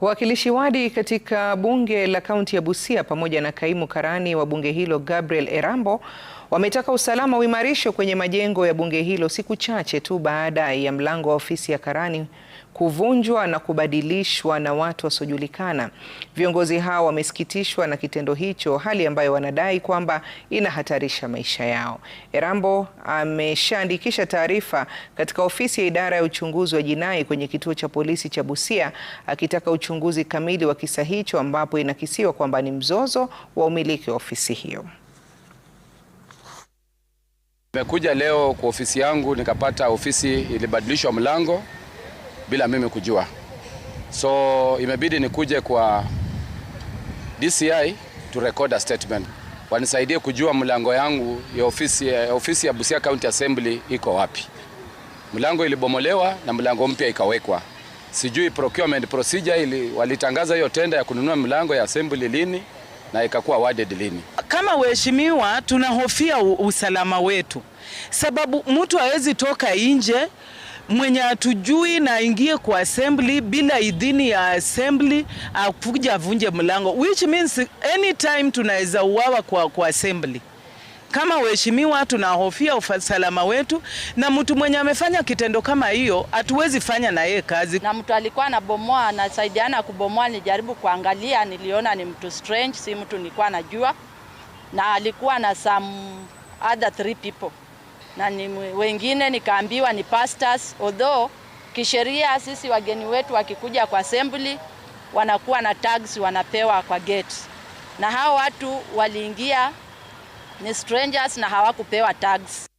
Wawakilishi wadi katika bunge la kaunti ya Busia pamoja na kaimu karani wa bunge hilo Gabriel Erambo wametaka usalama uimarishwe kwenye majengo ya bunge hilo siku chache tu baada ya mlango wa ofisi ya karani kuvunjwa na kubadilishwa na watu wasiojulikana. Viongozi hao wamesikitishwa na kitendo hicho, hali ambayo wanadai kwamba inahatarisha maisha yao. Erambo ameshaandikisha taarifa katika ofisi ya idara ya uchunguzi wa jinai kwenye kituo cha polisi cha Busia akitaka uchunguzi kamili wa kisa hicho ambapo inakisiwa kwamba ni mzozo wa umiliki wa ofisi hiyo. Nimekuja leo kwa ofisi yangu nikapata ofisi ilibadilishwa mlango bila mimi kujua, so imebidi nikuje kwa DCI to record a statement, wanisaidie kujua mlango yangu ya ofisi, ya ofisi ya Busia County Assembly iko wapi. Mlango ilibomolewa na mlango mpya ikawekwa. Sijui procurement procedure ili walitangaza hiyo tenda ya kununua mlango ya assembly lini na ikakuwa awarded lini. Kama waheshimiwa, tunahofia usalama wetu, sababu mtu hawezi toka nje mwenye atujui na aingie kwa assembly bila idhini ya assembly, akuja avunje mlango, which means anytime tunaweza uawa kwa, kwa assembly. Kama waheshimiwa, tunahofia usalama wetu, na mtu mwenye amefanya kitendo kama hiyo hatuwezi fanya na yeye kazi. Na mtu alikuwa anabomoa, anasaidiana kubomoa, nijaribu kuangalia, niliona ni mtu strange, si mtu nilikuwa najua, na alikuwa na some other three people na ni wengine nikaambiwa ni pastors, although kisheria sisi wageni wetu wakikuja kwa assembly wanakuwa na tags wanapewa kwa gate, na hao watu waliingia ni strangers na hawakupewa tags.